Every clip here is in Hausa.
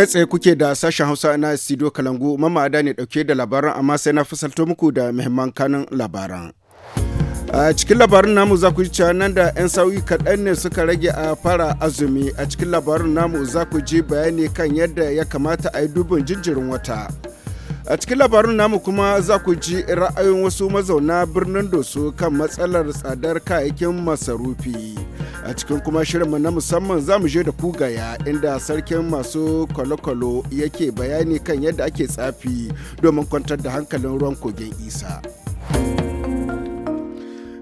kai tsaye kuke da sashen hausa na studio kalangu mamada ne dauke da labaran amma sai na fasalto muku da muhimman kanin labaran a cikin labarin namu za ku ji cewa nan da 'yan sauyi kaɗan ne suka rage a fara azumi a cikin labarin namu za ku ji bayani kan yadda ya kamata a yi dubin jinjirin wata a cikin labarin namu kuma za ku ji ra'ayin wasu mazauna birnin dosu kan matsalar tsadar kayayyakin masarufi a cikin kuma shirinmu na musamman za mu je da kugaya inda sarkin masu kwalokwalo yake bayani kan yadda ake tsafi domin kwantar da hankalin ruwan kogin isa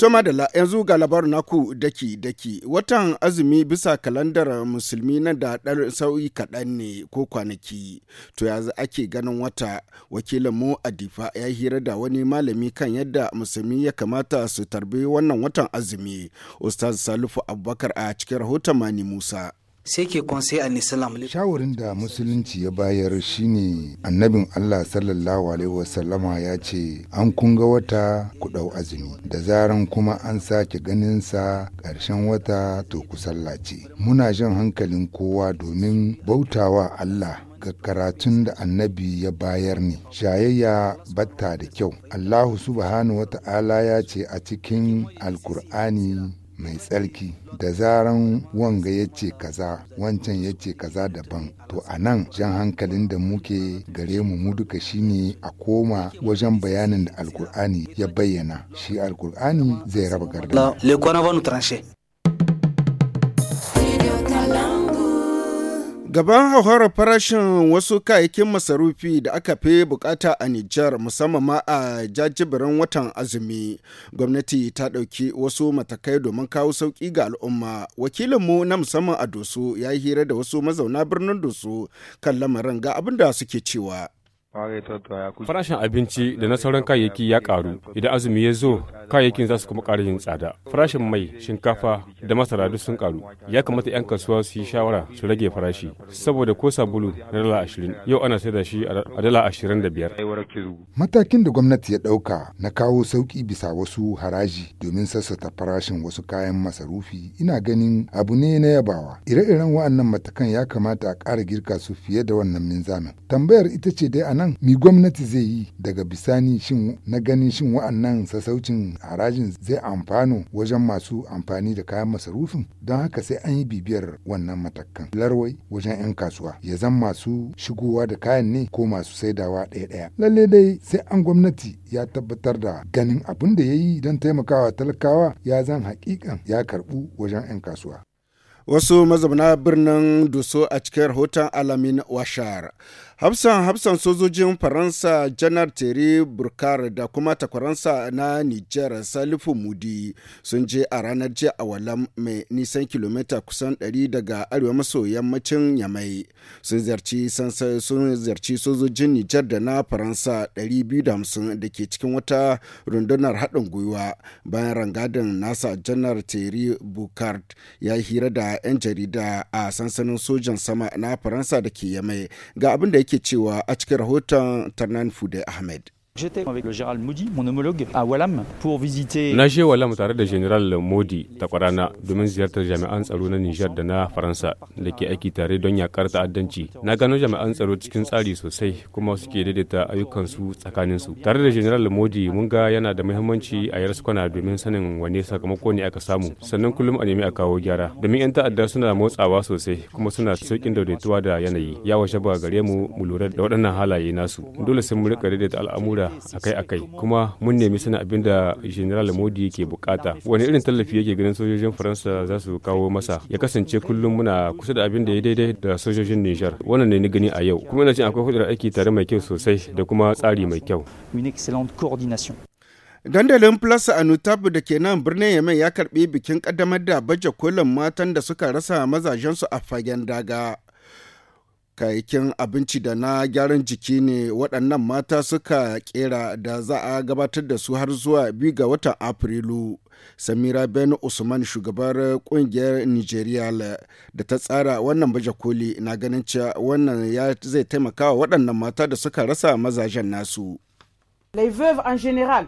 To da yanzu ga labarin naku daki daki watan azumi bisa kalandar musulmi na da ɗan sauyi kaɗan ne ko kwanaki to yanzu ake ganin wata wakilin mu adifa ya hira da wani malami kan yadda musulmi ya kamata su tarbi wannan watan azumi Ustaz Salifu Abubakar a cikin rahoton Mani Musa. sai ke konsai an islam shawarin da musulunci ya bayar shine annabin allah sallallahu alaihi wasallama ya ce an kunga wata ku dau azumi da zaran kuma an sake ganin sa ƙarshen wata to ku sallace muna jan hankalin kowa domin bautawa allah ga karatun da annabi ya bayar ne shayayya batta da kyau allahu subhanahu wata'ala ya ce a cikin alkur'ani mai tsarki da zaran wanga ya ce kaza wancan ya ce kaza daban to a nan jan hankalin da muke gare mu mu duka shine a koma wajen bayanin da alkur'ani ya bayyana shi alkur'ani zai raba gardama Gaban hauhar farashin wasu kayayyakin masarufi da aka fi bukata a Nijar musamman ma a jajibirin watan azumi, gwamnati ta ɗauki wasu matakai domin kawo sauƙi ga al'umma. Wakilinmu na musamman a Doso ya yi hira da wasu mazauna birnin Doso kan lamarin ga abin da suke cewa. Farashin abinci da na sauran kayayyaki ya ƙaru idan azumi ya zo kayayyakin za su kuma ƙara yin tsada. Farashin mai, shinkafa da masara duk sun karu. Ya kamata 'yan kasuwa su yi shawara su rage farashi saboda ko sabulu na dala ashirin yau ana sai da shi a dala ashirin da biyar. Matakin da gwamnati ya ɗauka na kawo sauƙi bisa wasu haraji domin sassata farashin wasu kayan masarufi ina ganin abu ne na yabawa. Ire-iren wa'annan matakan ya kamata a ƙara girka su fiye da wannan minzamin. Tambayar ita ce dai a nan mi gwamnati zai yi daga bisani shin na ganin shin wa'annan sassaucin harajin zai amfano wajen masu amfani da kayan masarufin don haka sai an yi bibiyar wannan matakan larwai wajen 'yan kasuwa ya zan masu shigowa da kayan ne ko masu saidawa ɗaya-ɗaya lalle dai sai an gwamnati ya tabbatar da ganin abin da ya yi don taimakawa talakawa ya zan hakikan ya karɓu wajen 'yan kasuwa wasu mazauna birnin duso a cikin rahoton alamin washar hafsan hafsan sojojin faransa janar tere burkar da kuma takwaransa na nijar salifu mudi sun je a ranar jiya a walam mai nisan kilomita kusan 100 daga arewa maso yammacin yamai sun ziyarci sojojin nijar da na faransa 250 da ke cikin wata rundunar haɗin gwiwa bayan rangadin nasa janar tere burkar ya hira da 'yan jarida a sansanin sojan sama na faransa da ke yamai ga abin da yake cewa a cikin rahoton Tarnan Fude Ahmed. Na je Walam tare da General Modi ta kwarana domin ziyartar jami'an tsaro na Nijar da na Faransa da ke aiki tare don yakar ta'addanci. Na gano jami'an tsaro cikin tsari sosai kuma suke daidaita ayyukansu tsakaninsu. Tare da General Modi mun ga yana da mahimmanci a yar kana domin sanin wane sakamako ne aka samu. Sannan kullum a nemi a kawo gyara. Domin 'yan ta'adda suna motsawa sosai kuma suna saukin daidaituwa da yanayi. Ya washe ba gare mu mu lura da waɗannan halaye nasu. Dole sai mu rika daidaita al'amura jagora akai-akai kuma mun nemi sana abin da general modi ke bukata wani irin tallafi yake ganin sojojin faransa za su kawo masa ya kasance kullum muna kusa da abin da ya daidai da sojojin nijar wannan ne ni gani a yau kuma ina cin akwai hudura aiki tare mai kyau sosai da kuma tsari mai kyau dandalin plus anutab da ke nan birnin yemen ya karbi bikin kaddamar da baje kolin matan da suka rasa mazajensu a fagen daga kayakin abinci da na gyaran jiki ne waɗannan mata suka kera da za a gabatar da su har zuwa biyu ga watan afrilu samira ben usman shugabar kungiyar nigeria da ta tsara wannan baje koli na ganin cewa wannan ya zai taimaka wa waɗannan mata da suka rasa mazajen nasu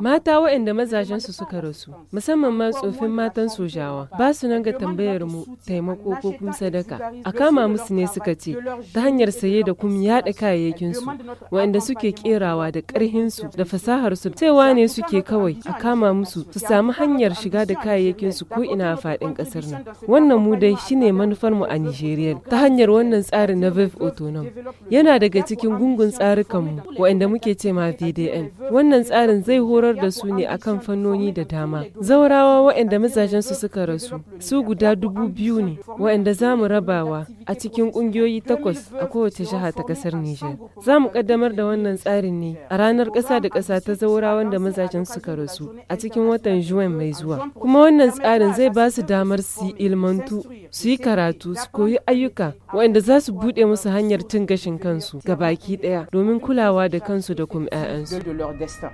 Mata waɗanda mazajensu suka rasu, musamman ma tsofin matan sojawa, ba su nan ga tambayar mu taimako ko kuma sadaka. A kama musu ne suka ce, ta hanyar saye da kuma yaɗa kayayyakinsu, waɗanda suke kerawa da ƙarhinsu da fasaharsu, cewa ne suke kawai a kama musu su samu hanyar shiga da kayayyakinsu ko ina a faɗin ƙasar nan. Wannan mu dai shine manufar mu a Nijeriya ta hanyar wannan tsarin na Vive Autonom. Yana daga cikin gungun tsarukanmu waɗanda muke ce ma VDN. Wannan tsarin zai horar da su ne a kan fannoni da dama. Zaurawa waɗanda mazajensu suka rasu, su guda dubu biyu ne waɗanda za mu rabawa a cikin ƙungiyoyi takwas a kowace jiha ta ƙasar Nijar. Za mu ƙaddamar da wannan tsarin ne a ranar ƙasa da ƙasa ta zaurawan da mazajen suka rasu a cikin watan Juwan mai zuwa. Kuma wannan tsarin zai ba su damar su yi ilmantu, su yi karatu, su koyi ayyuka waɗanda za su buɗe musu hanyar cin gashin kansu ga baki ɗaya domin kulawa da kansu da kuma 'ya'yansu. destin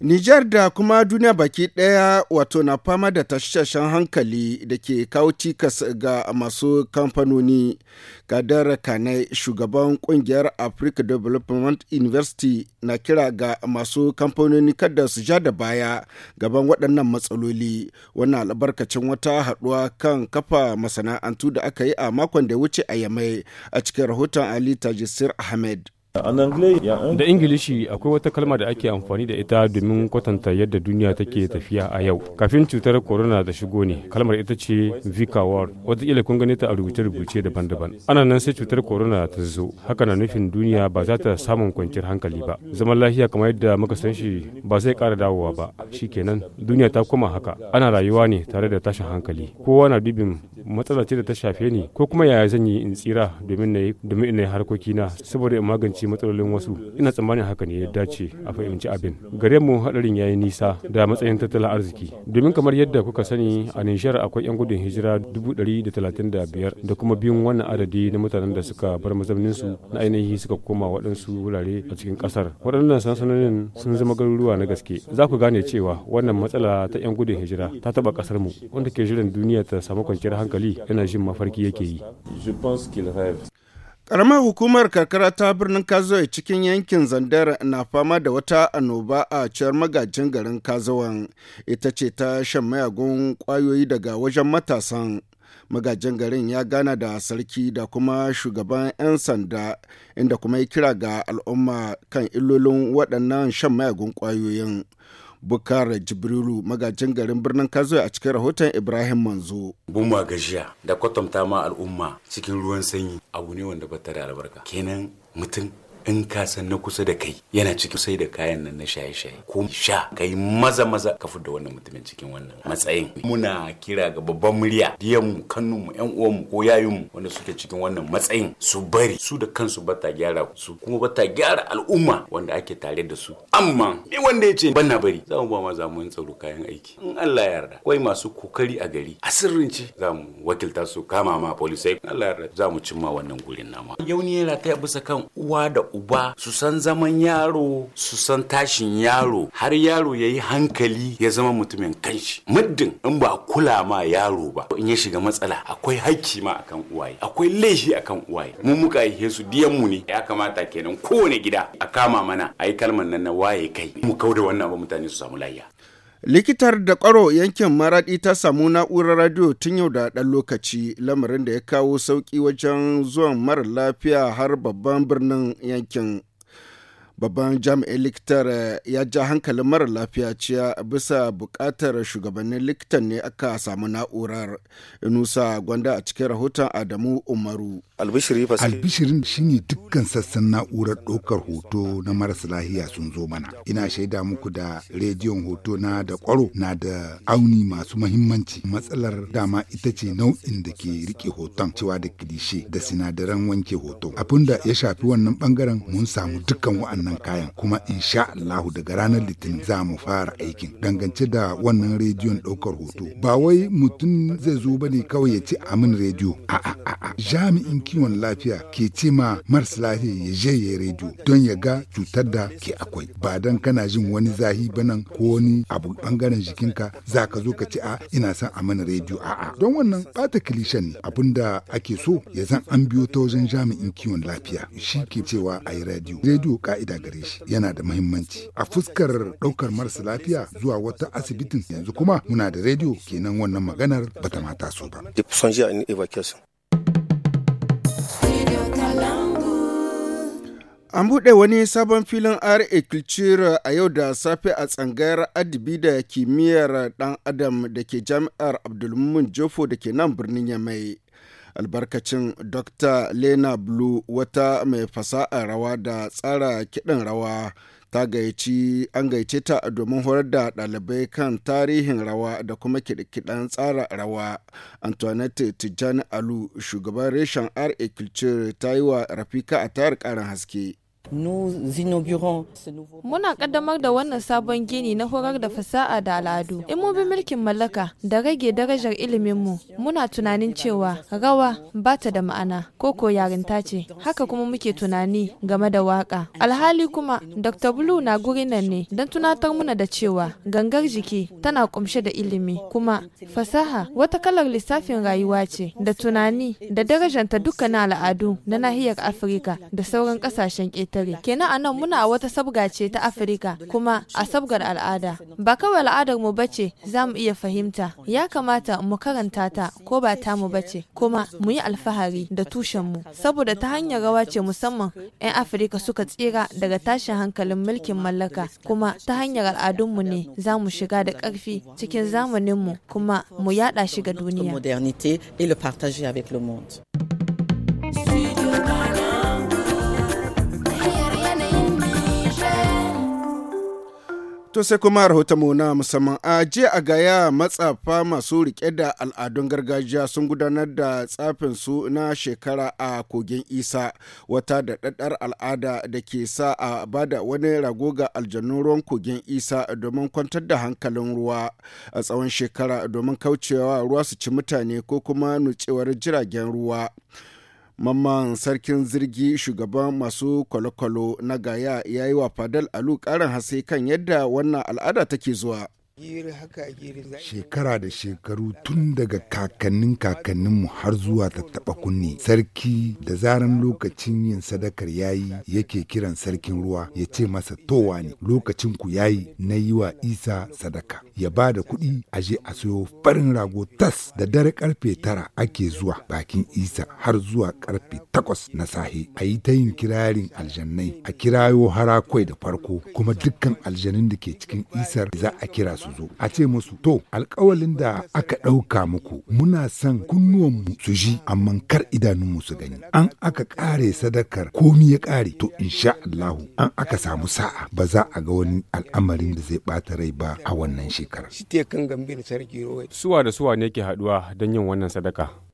Nijar da kuma duniya baki ɗaya wato na fama da tashashen hankali da ke kawo cikas ga masu kamfanoni. Kadar Kane shugaban kungiyar Africa Development University na kira ga masu kamfanoni kada su ja da baya gaban waɗannan matsaloli. wani albarkacin wata haɗuwa kan kafa masana'antu da aka yi a makon da wuce a Yamai a cikin rahoton Ali Tajisir Ahmed. Da Ingilishi akwai wata kalma da ake amfani da ita domin kwatanta yadda duniya take tafiya a yau. Kafin cutar corona da shigo ne, kalmar ita ce Vika World. Wataƙila kun gani ta a rubuce-rubuce daban-daban. Ana nan sai cutar corona ta zo. Haka na nufin duniya ba za ta samun kwanciyar hankali ba. Zaman lafiya kamar yadda muka san shi ba zai kara dawowa ba. Shikenan duniya ta koma haka. Ana rayuwa ne tare da tashin hankali. Kowa na dubin matsala ce da ta shafe ni ko kuma yaya zan yi in tsira domin na yi harkokina saboda in magance magance matsalolin wasu ina tsammanin haka ne ya dace a fahimci abin gare mu hadarin yayi nisa da matsayin tattalin arziki domin kamar yadda kuka sani a Nijar akwai yan gudun hijira 135 da kuma biyun wannan adadi na mutanen da suka bar mazaunin su na ainihi suka koma waɗansu wurare a cikin ƙasar waɗannan sansanonin sun zama garuruwa na gaske za ku gane cewa wannan matsala ta yan gudun hijira ta taɓa ƙasar mu wanda ke jiran duniya ta samu kwanciyar hankali yana jin mafarki yake yi Karamar hukumar karkara ta birnin Kazawa cikin yankin Zandar na fama da wata annoba a ciyar magajin garin Kazawan ita ce ta shan mayagun kwayoyi daga wajen matasan. Magajin garin ya gana da sarki da kuma shugaban 'yan sanda inda kuma ya kira ga al'umma kan illolin waɗannan shan mayagun kwayoyin. bukar jibrilu magajin garin birnin kazo a cikin rahoton ibrahim manzo bumba gajiya da kwatanta ma al'umma cikin ruwan sanyi abu ne wanda ba da albarka kenan mutum in ka san na kusa da kai yana cikin sai da kayan nan na shaye-shaye ko sha kai maza maza ka da wannan mutumin cikin wannan matsayin muna kira ga babban murya diyan mu kannun mu yan uwan mu ko yayin mu wanda suke cikin wannan matsayin su bari su da kansu bata gyara su kuma bata gyara al'umma wanda ake tare da su amma me wanda yace ban na bari zamu mu ba ma za mu tsaro kayan aiki in Allah ya yarda akwai masu kokari a gari a sirrince za mu wakilta su kama ma police Allah ya yarda za mu cimma wannan gurin nama yauni yana ta bisa kan uwa da uba su san zaman yaro su san tashin yaro har yaro ya yi hankali ya zama mutumin kanshi muddin in ba kula ma yaro ba in ya shiga matsala akwai haƙƙi ma akan uwaye akwai laifi akan uwaye mu muka aihe su diyanmu ne ya kamata kenan kowane gida a kama mana a yi kalmar nan na waye kai mu da wannan ba mutane su samu layya likitar da kwaro yankin maradi ta samu na'urar radio tun yau da ɗan lokaci lamarin da ya kawo sauƙi wajen zuwan mara lafiya har babban birnin yankin babban jami'in likitar eh, ya ja hankalin mara lafiya ciya bisa bukatar shugabannin likitan ne aka samu na'urar nusa gwanda a cikin rahoton adamu umaru albishirin shine dukkan sassan na'urar ɗaukar hoto na marasa lahiya sun zo mana ina shaida muku da rediyon hoto na da kwaro na da auni masu mahimmanci matsalar dama ita ce nau'in da ke rike hoton cewa da kilishe da sinadaran wanke hoto abinda ya shafi wannan bangaren mun samu dukkan wa'annan waɗannan kayan kuma insha Allahu daga ranar litinin za mu fara aikin dangance da wannan rediyon ɗaukar hoto ba wai mutum zai zo bane kawai ya ce a min rediyo a'a jami'in kiwon lafiya ke ce ma maras lafiya ya je ya rediyo don ya ga cutar da ke akwai ba dan kana jin wani zahi banan ko wani abu bangaren jikinka za ka zo ka ci a ina son a rediyo rediyo a'a don wannan bata kilishan ne abinda ake so ya zan an biyo ta wajen jami'in kiwon lafiya shi ke cewa a yi rediyo rediyo ka'ida lafiya gare shi yana da muhimmanci a fuskar ɗaukar marasa lafiya zuwa wata asibitin yanzu kuma muna da rediyo kenan wannan maganar bata ma taso ba An buɗe wani sabon filin RA Culture a yau da safe a tsangayar adibi da kimiyyar dan adam da ke jami'ar Abdulmumin Jofo da ke nan birnin Yamai. albarkacin dr lena blue wata mai fasa'a rawa da tsara kiɗan rawa ta gaici an gaice ta domin horar da ɗalibai kan tarihin rawa da kuma kiɗe tsara rawa antoinette tijjani alu shugaban reshen ra culture ta yi wa rafika a tayar ƙarin haske Muna ƙaddamar da wannan sabon gini na horar da fasaha da al'adu. In mu bi mulkin mallaka da rage darajar ilimin mu, muna tunanin cewa rawa ba ta da ma'ana ko ko yarinta ce. Haka kuma muke tunani game da waka. Alhali kuma Dr. Blue na guri nan ne don tunatar muna da cewa gangar jiki tana kumshe da ilimi kuma fasaha wata kalar lissafin rayuwa ce da tunani da darajanta dukkan al'adu na nahiyar Afirka da sauran ƙasashen ƙetare. ƙetare kenan anan muna a wata sabga ce ta afirika kuma a sabgar al'ada ba kawai al'adar mu bace za mu iya fahimta ya kamata mu karanta ta ko ba ta mu bace kuma mu yi alfahari da tushen mu saboda ta hanyar rawa ce musamman 'yan afirika suka tsira daga tashin hankalin mulkin mallaka kuma ta hanyar al'adun mu ne za mu shiga da karfi cikin zamanin mu kuma mu yada shi ga duniya. To sai kuma mu na musamman a jiya a gaya matsafa masu rike da al'adun gargajiya sun gudanar da tsafin su na shekara a kogin isa wata da al'ada da ke sa a ba da wani rago ga aljanun ruwan kogin isa domin kwantar da hankalin ruwa a tsawon shekara domin kaucewa ruwa su ci mutane ko kuma nutsewar jiragen ruwa. mamman sarkin zirgi shugaban masu kwalokwalo na gaya ya yi wa fadal alu karin hase kan yadda wannan al'ada take zuwa Shekara da shekaru tun daga kakannin kakanninmu har zuwa ta tattaɓa kunne. Sarki da zaran lokacin yin sadakar yayi yake kiran sarkin ruwa ya ce masa towa ne lokacin ku yayi na yi wa isa sadaka. Ya ba da kuɗi a je a sayo farin rago tas da dare karfe tara ake zuwa bakin isa har zuwa karfe takwas na sahe. A yi ta yin kirarin aljannai a kirayo harakwai da farko kuma dukkan aljanun da ke cikin isar za a kira su. su zo a ce musu to alkawalin da aka ɗauka muku muna son kunnuwanmu su ji amma kar idanunmu su gani an aka ƙare sadakar komi ya ƙare to insha Allahu an aka samu sa'a ba za a ga wani al'amarin da zai bata rai ba a wannan shekara. Suwa da suwa ne ke haɗuwa don yin wannan sadaka.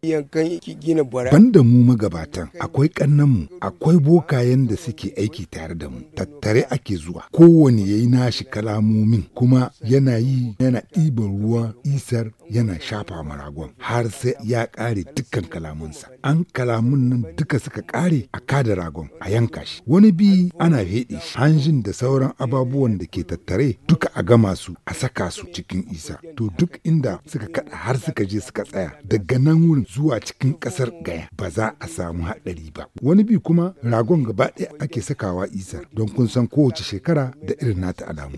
gina Banda mu magabatan akwai kannanmu akwai bokayen da suke aiki tare da mu tattare ake zuwa kowane yi nashi kalamomin kuma yana yi yana ɗiban ruwa isar yana shafa maragon har sai ya ƙare dukkan kalamunsa an kalamun nan duka suka ƙare a kada ragon a yanka shi wani bi ana heɗe shi hanjin da sauran ababuwan da ke tattare duka a gama su a saka su cikin isa to duk inda suka kaɗa har suka je suka tsaya daga nan wurin zuwa cikin ƙasar gaya ba za a samu haɗari ba. Wani bi kuma ragon gaba ɗaya ake sakawa isar don kun san kowace shekara da irin nata alamu.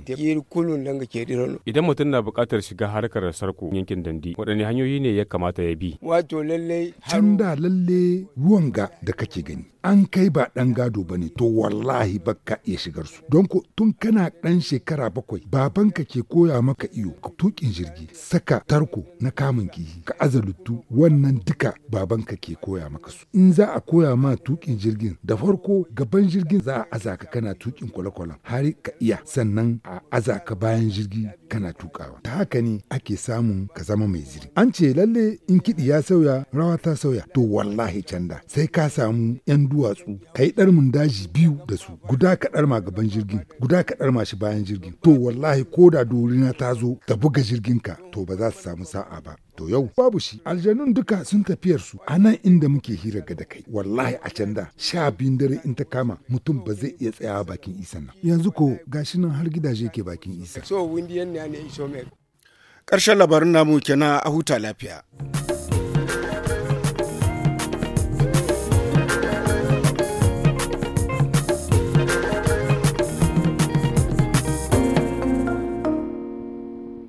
Idan mutum na buƙatar shiga harkar sarko yankin dandi waɗanne hanyoyi ne ya kamata ya bi? Wato lalle Can da lalle ruwan ga da kake gani. An kai ba ɗan gado ba ne to wallahi baka iya shigar su. Don ko tun kana ɗan shekara bakwai babanka ke koya maka iyo ka tuƙin jirgi saka tarko na kamun kifi. ka azalutu wannan duka babanka ke koya maka su in za a koya ma tukin jirgin da farko gaban jirgin za a azaka kana tukin kwale har ka iya sannan a azaka bayan jirgi kana tukawa ta haka ne ake samun ka zama mai ziri an ce lalle in kiɗi ya sauya rawa ta sauya to wallahi canda sai ka samu yan duwatsu ka yi ɗarmin daji biyu da su guda ka ma gaban jirgin guda ka ma shi bayan jirgin to wallahi ko da dorina ta zo ta buga jirgin ka, to ba za su samu sa'a ba to yau babu shi aljanun duka sun tafiyar su a nan inda muke hira ga da kai wallahi a can da sha biyun dare in ta kama mutum ba zai iya tsayawa bakin isan nan yanzu ko gashi nan har gidaje ke bakin isa so windiyan ne ne karshen labarin namu kenan a huta lafiya